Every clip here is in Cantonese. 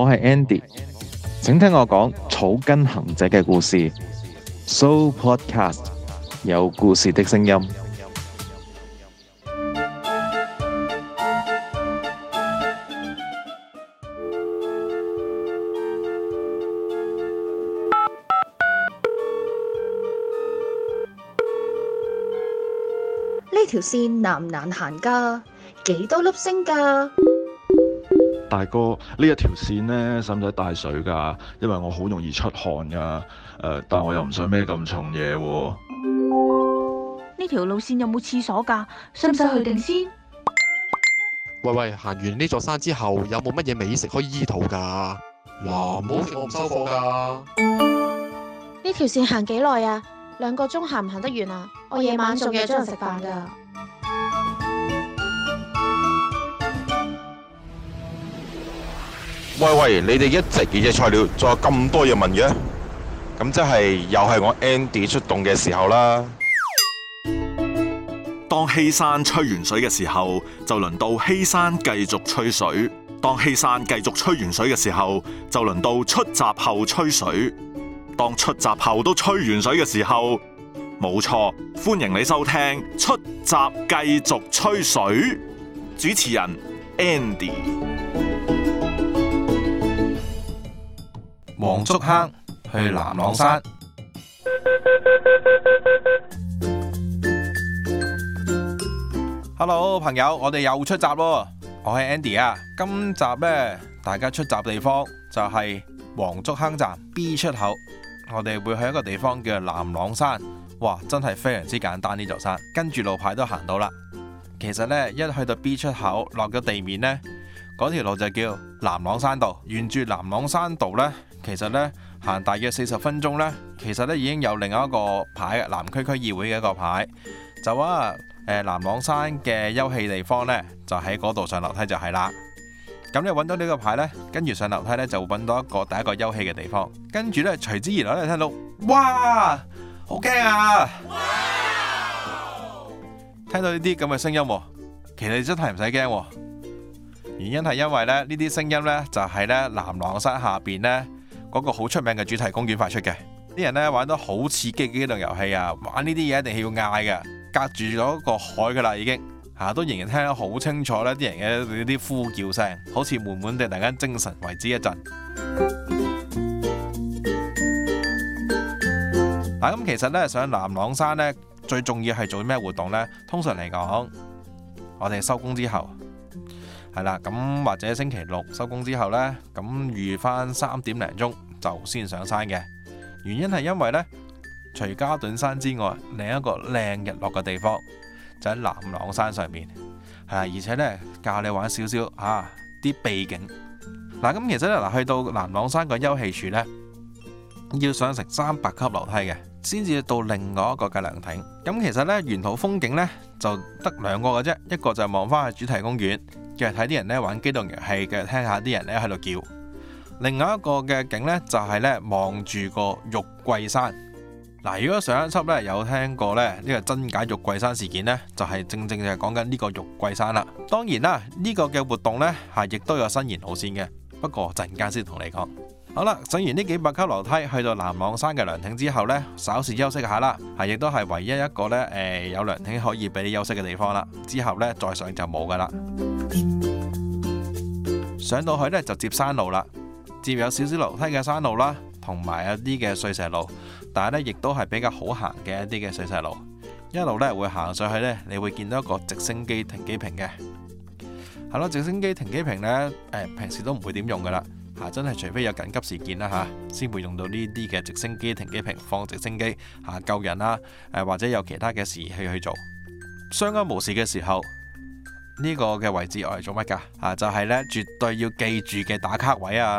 我係 Andy，請聽我講草根行者嘅故事。So Podcast，有故事的聲音。呢條線難唔難行㗎？幾多粒星㗎？大哥，一條呢一條線呢，使唔使帶水噶？因為我好容易出汗噶。誒、呃，但係我又唔想孭咁重嘢，哦。呢條路線有冇廁所噶？使唔使去定先是？喂喂，行完呢座山之後有冇乜嘢美食可以醫肚噶？嗱，啊，冇好我唔收貨噶？呢條線行幾耐啊？兩個鐘行唔行得完啊？我夜晚仲約咗人食飯噶。喂喂，你哋一直以嚟嘅材料，仲有咁多嘢問嘅，咁即係又係我 Andy 出動嘅時候啦。當希山吹完水嘅時候，就輪到希山繼續吹水。當希山繼續吹完水嘅時候，就輪到出閘後吹水。當出閘後都吹完水嘅時候，冇錯，歡迎你收聽出閘繼續吹水。主持人 Andy。黃竹坑去南朗山。山 Hello，朋友，我哋又出閘咯，哦。我係 Andy 啊。今集呢，大家出閘的地方就係黃竹坑站 B 出口。我哋會去一個地方叫南朗山。哇，真係非常之簡單呢座山，跟住路牌都行到啦。其實呢，一去到 B 出口落咗地面呢，嗰條路就叫南朗山道，沿住南朗山道呢。其實咧行大約四十分鐘咧，其實咧已經有另外一個牌，南區區議會嘅一個牌，就啊誒南朗山嘅休憩地方咧，就喺嗰度上樓梯就係啦。咁你搵到呢個牌咧，跟住上樓梯咧，就會搵到一個第一個休憩嘅地方。跟住咧，隨之而來咧，你聽到哇好驚啊！聽到呢啲咁嘅聲音，其實你真係唔使驚。原因係因為咧呢啲聲音咧就喺咧南朗山下邊咧。嗰個好出名嘅主題公園發出嘅，啲人呢，玩得好刺激嘅機動遊戲啊，玩呢啲嘢一定要嗌㗎，隔住咗個海㗎喇已經嚇，都仍然聽得好清楚呢啲人嘅啲呼叫聲，好似悶悶地突然間精神為之一振。嗱，咁 其實呢，上南朗山呢，最重要係做咩活動呢？通常嚟講，我哋收工之後。係啦，咁或者星期六收工之後咧，咁預翻三點零鐘就先上山嘅。原因係因為咧，除加頓山之外，另一個靚日落嘅地方就喺南朗山上面，係啦。而且咧教下你玩少少吓啲背景嗱。咁其實咧，嗱去到南朗山個休憩處咧，要上成三百級樓梯嘅，先至到另外一個嘅涼亭。咁其實咧，沿途風景咧就得兩個嘅啫，一個就望返去主題公園，嘅睇啲人咧玩機動遊戲，嘅聽下啲人咧喺度叫。另外一個嘅景咧就係咧望住個玉桂山。嗱，如果上一輯咧有聽過咧呢個真假玉桂山事件咧，就係正正就係講緊呢個玉桂山啦。當然啦，呢個嘅活動咧係亦都有伸延路線嘅，不過陣間先同你講。好啦，上完呢幾百級樓梯去到南朗山嘅涼亭之後咧，稍事休息一下啦，係亦都係唯一一個咧誒有涼亭可以俾你休息嘅地方啦。之後咧再上就冇噶啦。上到去呢，就接山路啦，接有少少樓梯嘅山路啦，同埋一啲嘅碎石路，但係呢，亦都係比較好行嘅一啲嘅碎石路。一路呢，會行上去呢，你會見到一個直升機停機坪嘅，係咯，直升機停機坪呢，誒平時都唔會點用噶啦，吓真係除非有緊急事件啦吓，先會用到呢啲嘅直升機停機坪放直升機吓救人啦，誒或者有其他嘅事器去做，相安無事嘅時候。呢個嘅位置我係做乜㗎？啊，就係呢，絕對要記住嘅打卡位啊！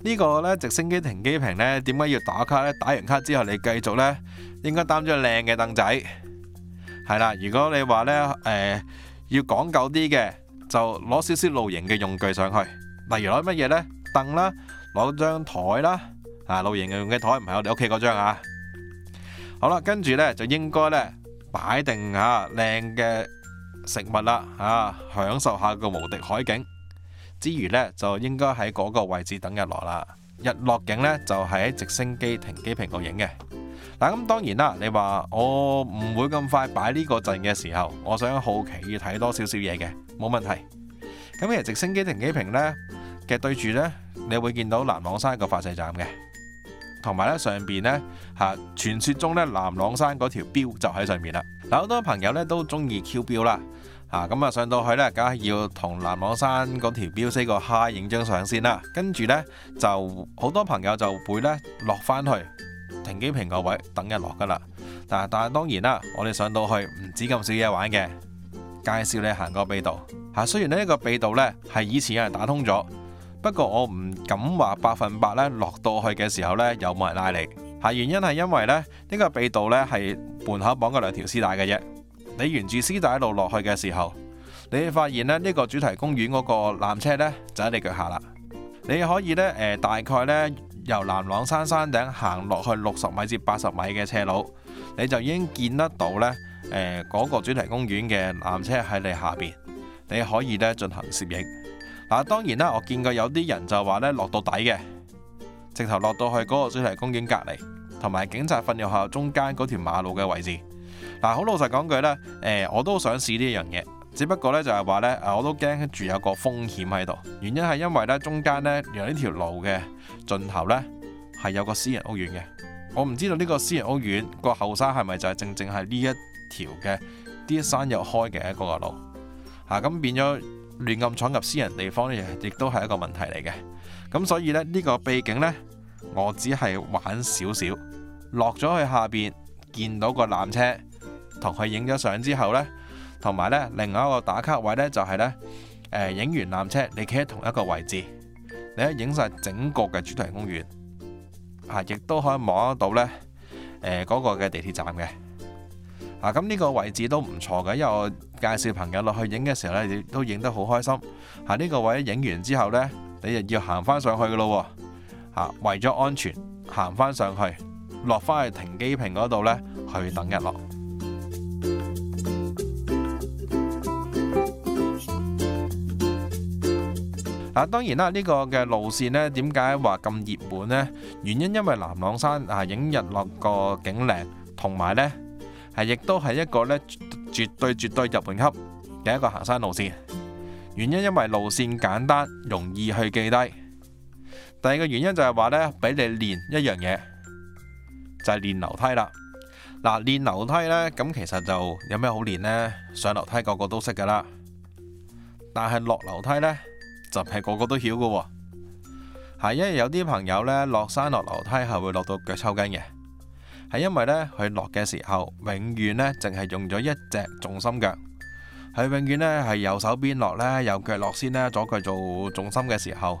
呢、呢個呢，直升機停機坪呢，點解要打卡呢？打完卡之後，你繼續呢，應該擔張靚嘅凳仔，係啦。如果你話呢，誒、呃、要講究啲嘅，就攞少少露營嘅用具上去，例如攞乜嘢呢？凳啦，攞張檯啦，啊，露營嘅用嘅檯，唔係我哋屋企嗰張啊。好啦，跟住呢，就應該呢，擺定吓靚嘅。食物啦，啊，享受下個無敵海景之餘呢，就應該喺嗰個位置等日落啦。日落景呢，就係、是、喺直升機停機坪度影嘅。嗱，咁當然啦，你話我唔會咁快擺呢個陣嘅時候，我想好奇要睇多少少嘢嘅，冇問題。咁其實直升機停機坪呢，嘅對住呢，你會見到南朗山個發射站嘅，同埋呢，上邊呢，吓傳說中呢，南朗山嗰條標就喺上面啦。嗱，好多朋友呢，都中意 Q 標啦。啊，咁啊上到去呢梗係要同南網山嗰條標識個蝦影張相先啦。跟住呢，就好多朋友就會呢落翻去停機坪個位等日落噶啦。但係當然啦，我哋上到去唔止咁少嘢玩嘅。介紹你行個秘道吓，雖然呢個秘道呢係以前有人打通咗，不過我唔敢話百分百呢落到去嘅時候呢有冇人拉你。吓原因係因為呢呢、呢個秘道呢係門口綁嗰兩條絲帶嘅啫。你沿住師大路落去嘅時候，你會發現咧呢個主題公園嗰個纜車呢，就喺你腳下啦。你可以呢、呃，大概呢，由南朗山山頂行落去六十米至八十米嘅斜路，你就已經見得到呢誒嗰個主題公園嘅纜車喺你下面。你可以呢進行攝影。嗱、啊，當然啦，我見過有啲人就話呢落到底嘅，直頭落到去嗰個主題公園隔離同埋警察訓練學校中間嗰條馬路嘅位置。嗱，好老實講句咧，誒，我都想試呢樣嘢，只不過咧就係話咧，我都驚住有個風險喺度。原因係因為咧中間咧原來呢條路嘅盡頭咧係有個私人屋苑嘅，我唔知道呢個私人屋苑個後山係咪就係正正係呢一條嘅啲山入開嘅一個路，吓、啊、咁變咗亂咁闖入私人地方咧，亦都係一個問題嚟嘅。咁所以咧呢、呢個背景咧，我只係玩少少，落咗去下邊。見到個纜車，同佢影咗相之後呢，同埋呢另外一個打卡位呢就係呢，誒影完纜車，你企喺同一個位置，你咧影晒整個嘅主題公園，啊，亦都可以望得到呢，誒嗰個嘅地鐵站嘅，啊咁呢個位置都唔錯嘅，因為我介紹朋友落去影嘅時候呢，亦都影得好開心，吓呢個位影完之後呢，你就要行翻上去噶咯，吓為咗安全行翻上去。落返去停機坪嗰度呢，去等日落嗱。當然啦，呢個嘅路線呢，點解話咁熱門呢？原因因為南朗山啊，影日落個景靚，同埋呢係亦都係一個呢絕對絕對入門級嘅一個行山路線。原因因為路線簡單，容易去記低。第二個原因就係話呢，俾你練一樣嘢。就係練樓梯啦，嗱，練樓梯咧，咁其實就有咩好練咧？上樓梯個個都識噶啦，但係落樓梯咧，就係個個都曉噶喎。係因為有啲朋友咧，落山落樓梯係會落到腳抽筋嘅，係因為咧佢落嘅時候，永遠咧淨係用咗一隻重心腳，佢永遠咧係右手邊落咧，右腳落先咧，左腳做重心嘅時候。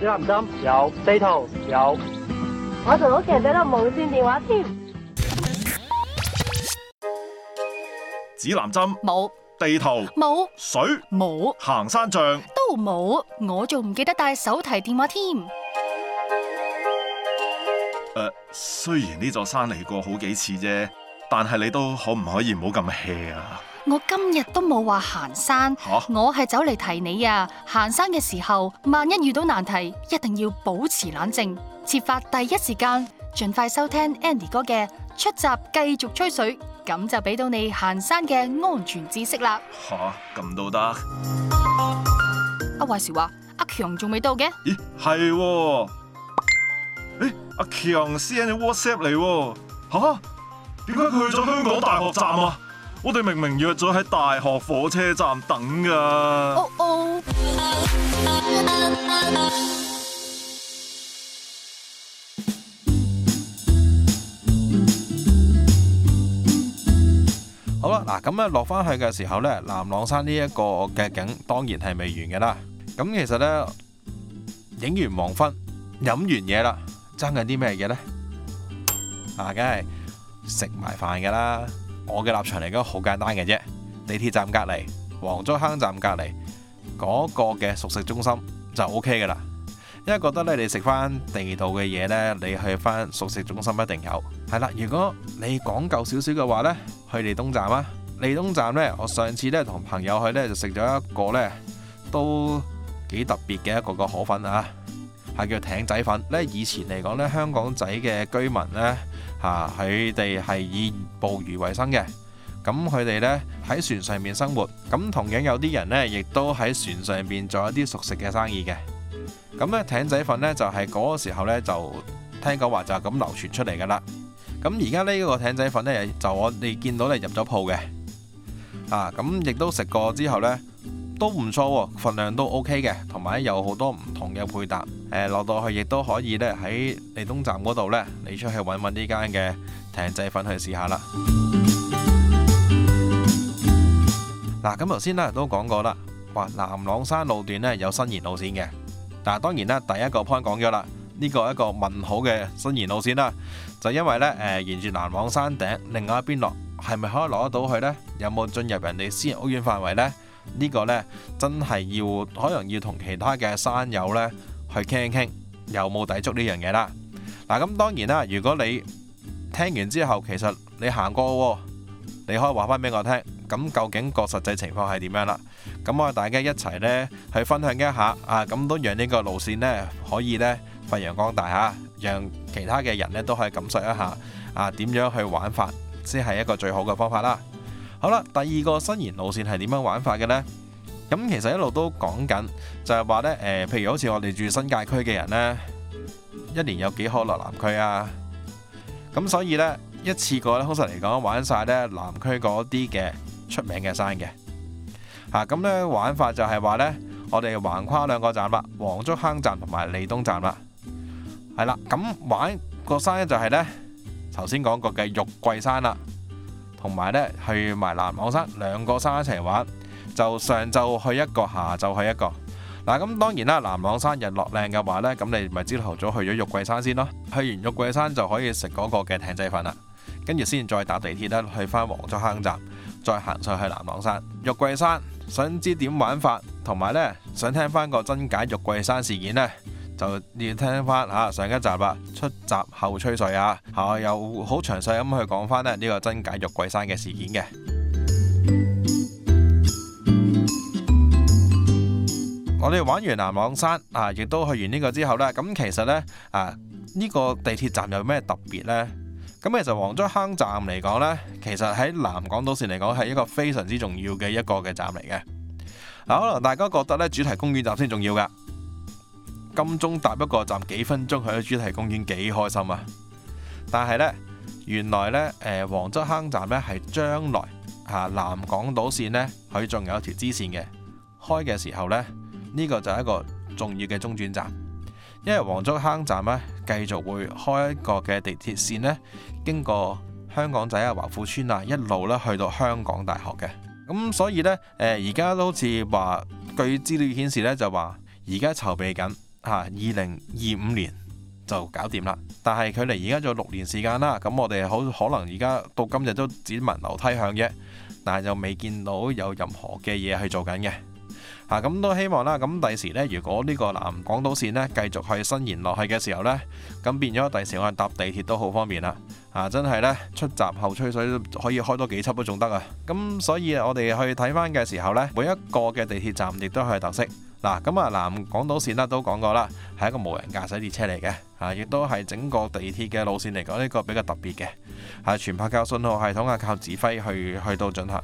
指南針有，地圖有，我同屋企人帶咗無線電話添。指南針冇，有地圖冇，有水冇，有行山杖都冇，我仲唔記得帶手提電話添。誒、呃，雖然呢座山嚟過好幾次啫，但係你都可唔可以唔好咁 hea 啊？我今日都冇話行山，我係走嚟提你啊！行山嘅時候，萬一遇到難題，一定要保持冷靜，設法第一時間盡快收聽 Andy 哥嘅出集繼續吹水，咁就俾到你行山嘅安全知識啦。吓，咁都得？阿華時話阿強仲未到嘅？咦，係？誒，阿強 send WhatsApp 嚟？吓，點解佢去咗香港大學站啊？我哋明明約咗喺大學火車站等噶。好啦，嗱咁啊落翻去嘅時候咧，南朗山呢一個嘅景當然係未完嘅啦。咁其實咧，影完黃昏，飲完嘢啦，爭緊啲咩嘢咧？啊，梗係食埋飯噶啦。我嘅立場嚟講好簡單嘅啫，地鐵站隔離黃竹坑站隔離嗰個嘅熟食中心就 OK 㗎喇。因為覺得咧，你食翻地道嘅嘢呢，你去翻熟食中心一定有。係啦，如果你講究少少嘅話呢，去利東站啊，利東站呢，我上次呢同朋友去呢，就食咗一個呢都幾特別嘅一個個河粉啊，係叫艇仔粉呢，以前嚟講呢，香港仔嘅居民呢。嚇，佢哋係以捕魚為生嘅，咁佢哋呢喺船上面生活，咁同樣有啲人呢亦都喺船上邊做一啲熟食嘅生意嘅，咁呢艇仔粉呢，就係嗰個時候呢就聽講話就係咁流傳出嚟噶啦，咁而家呢個艇仔粉呢，就我哋見到呢入咗鋪嘅，啊，咁亦都食過之後呢。都唔錯喎，份量都 OK 嘅，有很多不同埋有好多唔同嘅配搭。誒、呃，落到去亦都可以咧喺利東站嗰度呢，你出去揾揾呢間嘅艇仔粉去試下啦。嗱，咁頭先呢都講過啦，話南朗山路段呢有伸延路線嘅。但、啊、當然啦，第一個 point 講咗啦，呢、這個是一個問號嘅伸延路線啦，就因為呢，誒、呃、沿住南朗山頂另外一邊落，係咪可以攞得到去呢？有冇進入人哋私人屋苑範圍呢？呢個呢，真係要，可能要同其他嘅山友呢，去傾一傾，有冇抵觸呢樣嘢啦？嗱、啊，咁當然啦，如果你聽完之後，其實你行過喎，你可以話翻俾我聽，咁究竟個實際情況係點樣啦？咁我哋大家一齊呢，去分享一下啊，咁都讓呢個路線呢，可以呢，發揚光大吓，讓其他嘅人呢，都可以感受一下啊點樣去玩法，先係一個最好嘅方法啦。好啦，第二個伸延路線係點樣玩法嘅呢？咁其實一路都講緊，就係話呢。誒，譬如好似我哋住新界區嘅人呢，一年有幾可落南區啊？咁所以呢，一次過來呢，通常嚟講玩晒呢南區嗰啲嘅出名嘅山嘅嚇。咁咧玩法就係話呢，我哋橫跨兩個站啦，黃竹坑站同埋利東站啦。係啦，咁玩個山是呢，就係呢頭先講過嘅玉桂山啦。同埋咧去埋南朗山，兩個山一齊玩，就上晝去一個，下晝去一個。嗱，咁當然啦，南朗山日落靚嘅話呢，咁你咪朝頭早去咗玉桂山先咯。去完玉桂山就可以食嗰個嘅艇仔粉啦，跟住先再搭地鐵咧去翻黃竹坑站，再行上去南朗山、玉桂山。想知點玩法，同埋呢，想聽翻個真解玉桂山事件呢，就要聽翻嚇上一集啊，出閘後吹水啊，下又好詳細咁去講翻咧呢個真解玉桂山嘅事件嘅。我哋玩完南朗山啊，亦都去完呢個之後呢，咁其實呢，啊呢個地鐵站有咩特別呢？咁其實黃竹坑站嚟講呢，其實喺南港島線嚟講係一個非常之重要嘅一個嘅站嚟嘅。啊，可能大家覺得呢，主題公園站先重要㗎。金鐘搭一個站幾分鐘去咗主題公園，幾開心啊！但係呢，原來呢，誒，黃竹坑站呢係將來吓、啊、南港島綫呢，佢仲有一條支線嘅開嘅時候呢，呢、這個就係一個重要嘅中轉站，因為黃竹坑站呢，繼續會開一個嘅地鐵綫呢，經過香港仔啊、華富村啊，一路呢去到香港大學嘅。咁所以呢，誒、呃，而家都好似話據資料顯示呢，就話而家籌備緊。啊，二零二五年就搞掂啦！但係距離而家仲有六年時間啦，咁我哋好可能而家到今日都只聞樓梯響啫，但係就未見到有任何嘅嘢去做緊嘅。啊，咁都希望啦，咁第時呢，如果呢個南港島線呢繼續去伸延落去嘅時候呢，咁變咗第時我哋搭地鐵都好方便啦。啊，真係呢出閘後吹水都可以開多幾輯都仲得啊！咁所以啊，我哋去睇翻嘅時候呢，每一個嘅地鐵站亦都係特色。嗱，咁啊，南港島線呢都講過啦，係一個無人駕駛列車嚟嘅，亦都係整個地鐵嘅路線嚟講呢個比較特別嘅，全全靠信號系統啊，靠指揮去去到進行，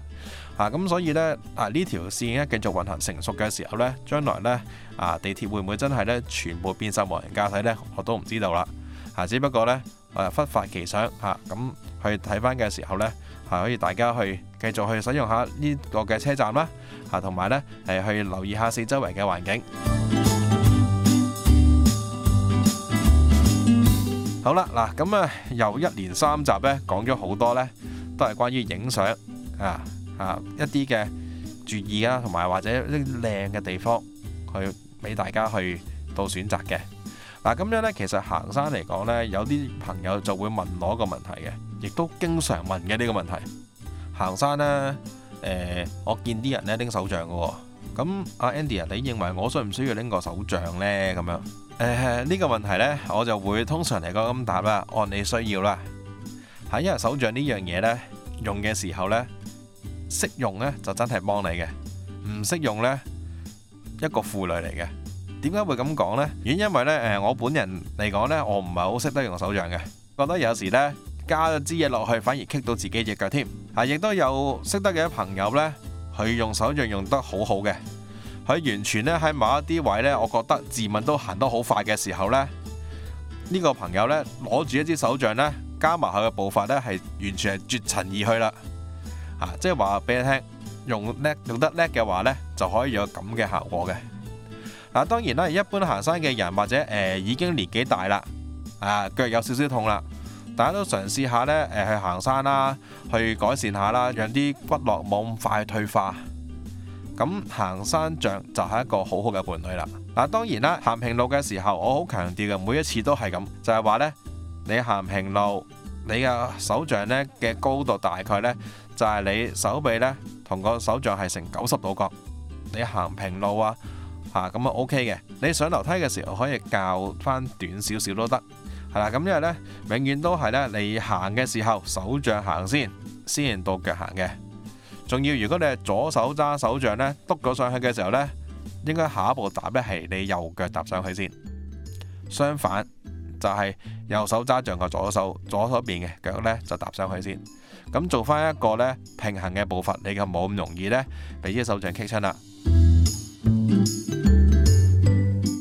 啊，咁所以呢，啊呢條線呢繼續運行成熟嘅時候呢，將來呢，啊地鐵會唔會真係呢全部變晒無人駕駛呢？我都唔知道啦，只不過呢誒忽發奇想吓，咁去睇翻嘅時候呢，係可以大家去繼續去使用下呢個嘅車站啦。同埋咧，誒去留意下四周圍嘅環境。好啦，嗱咁啊，又一連三集咧，講咗好多咧，都係關於影相啊啊一啲嘅注意啊，同埋或者一啲靚嘅地方，去俾大家去到選擇嘅。嗱咁樣咧，其實行山嚟講咧，有啲朋友就會問我一個問題嘅，亦都經常問嘅呢個問題。行山咧。誒，我見啲人咧拎，手杖嘅，咁阿 Andy，你認為我需唔需要拎個手杖咧？咁樣，誒，呢個問題咧，我就會通常嚟講咁答啦，按你需要啦。係因為手杖呢樣嘢咧，用嘅時候咧，識用咧就真係幫你嘅，唔識用咧一個負累嚟嘅。點解會咁講咧？原因為咧，誒，我本人嚟講咧，我唔係好識得用手杖嘅，覺得有時咧加咗支嘢落去，反而棘到自己隻腳添。啊，亦都有識得嘅朋友呢，佢用手杖用得好好嘅，佢完全呢，喺某一啲位呢，我覺得自問都行得好快嘅時候呢，呢個朋友呢，攞住一支手杖呢，加埋佢嘅步伐呢，係完全係絕塵而去啦！即係話俾你聽，用叻用得叻嘅話呢，就可以有咁嘅效果嘅。嗱，當然啦，一般行山嘅人或者誒、呃、已經年紀大啦，啊腳有少少痛啦。大家都嘗試下咧，誒去行山啦，去改善下啦，讓啲骨骼冇咁快退化。咁行山杖就係一個好好嘅伴侶啦。嗱，當然啦，行平路嘅時候，我好強調嘅，每一次都係咁，就係話呢：你行平路，你嘅手杖呢嘅高度大概呢，就係你手臂呢，同個手杖係成九十度角。你行平路啊，吓咁啊 OK 嘅。你上樓梯嘅時候可以較翻短少少都得。係啦，咁因為咧，永遠都係咧，你行嘅時候手杖行先，先然到腳行嘅。仲要如果你係左手揸手杖咧，篤咗上去嘅時候咧，應該下一步踏咧係你右腳踏上去先。相反就係右手揸杖嗰，左手左手邊嘅腳咧就踏上去先。咁做翻一個咧平衡嘅步伐，你就冇咁容易咧俾隻手杖棘親啦。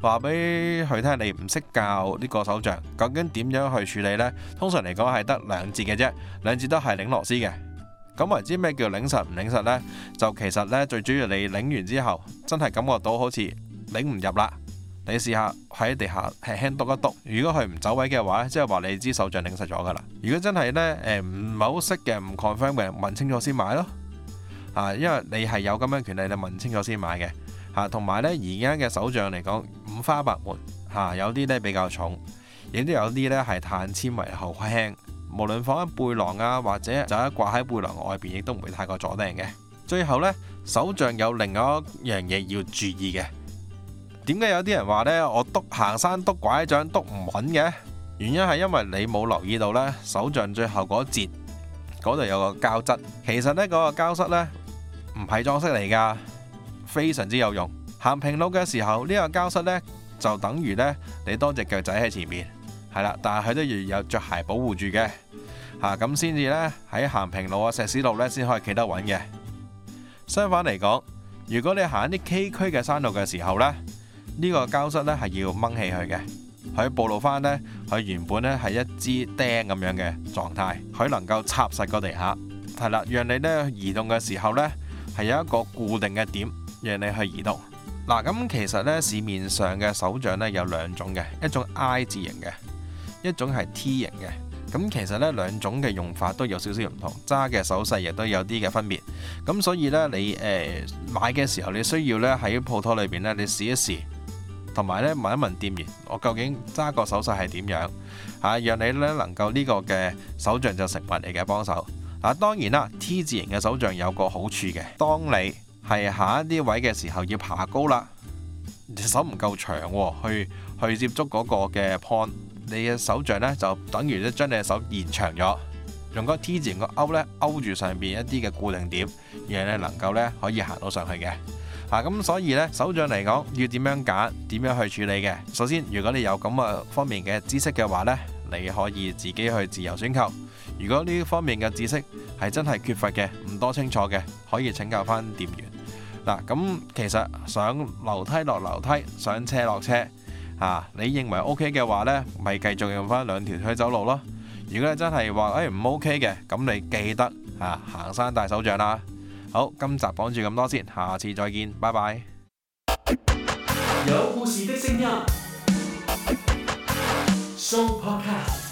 話俾佢聽，你唔識教呢個手杖，究竟點樣去處理咧？通常嚟講係得兩節嘅啫，兩節都係擰螺絲嘅。咁唔知咩叫擰實唔擰實咧？就其實咧，最主要你擰完之後，真係感覺到好似擰唔入啦。你試下喺地下輕輕篤一篤，如果佢唔走位嘅話，即係話你支手杖擰實咗噶啦。如果真係咧，誒唔係好識嘅，唔 confirm 嘅，問清楚先買咯。啊，因為你係有咁樣權利，你問清楚先買嘅。啊，同埋咧，而家嘅手杖嚟講。五花八門吓、啊，有啲咧，比較重，亦都有啲咧，係碳纖維好輕，無論放喺背囊啊，或者就係掛喺背囊外邊，亦都唔會太過阻埞嘅。最後呢，手杖有另外一樣嘢要注意嘅。點解有啲人話呢，我篤行山篤拐杖篤唔穩嘅？原因係因為你冇留意到呢，手杖最後嗰節嗰度有個膠質。其實咧，嗰個膠質呢，唔係裝飾嚟噶，非常之有用。行平路嘅時候，呢一個膠塞呢就等於呢，你當隻腳仔喺前面，係啦，但係佢都要有着鞋保護住嘅吓，咁先至呢，喺行平路啊，石屎路呢，先可以企得穩嘅。相反嚟講，如果你行一啲崎嶇嘅山路嘅時候呢，呢個膠室呢係要掹起佢嘅，佢暴露翻呢，佢原本呢係一支釘咁樣嘅狀態，佢能夠插實個地下係啦，讓你呢，移動嘅時候呢，係有一個固定嘅點，讓你去移動。嗱，咁其實呢市面上嘅手杖呢，有兩種嘅，一種 I 字型嘅，一種係 T 型嘅。咁其實呢兩種嘅用法都有少少唔同，揸嘅手勢亦都有啲嘅分別。咁所以呢，你誒、呃、買嘅時候，你需要呢喺鋪頭裏邊呢，你試一試，同埋呢問一問店員，我究竟揸個手勢係點樣，嚇、啊，讓你呢能夠呢個嘅手杖就成為你嘅幫手。嗱、啊，當然啦，T 字型嘅手杖有個好處嘅，當你係下一啲位嘅時候要爬高啦，隻手唔夠長、哦、去去接觸嗰個嘅 point。你嘅手杖呢，就等於咧將你隻手延長咗，用個 T 字個勾呢勾，勾住上邊一啲嘅固定點，然後呢能夠呢可以行到上去嘅。啊，咁所以呢，手杖嚟講要點樣揀，點樣去處理嘅。首先，如果你有咁嘅方面嘅知識嘅話呢，你可以自己去自由選購。如果呢方面嘅知識係真係缺乏嘅，唔多清楚嘅，可以請教翻店員。嗱，咁其實上樓梯落樓梯，上車落車，吓，你認為 OK 嘅話呢，咪繼續用返兩條腿走路咯。如果你真係話誒唔 OK 嘅，咁你記得嚇行山帶手杖啦。好，今集講住咁多先，下次再見，拜拜。有故事的聲音，Show Podcast。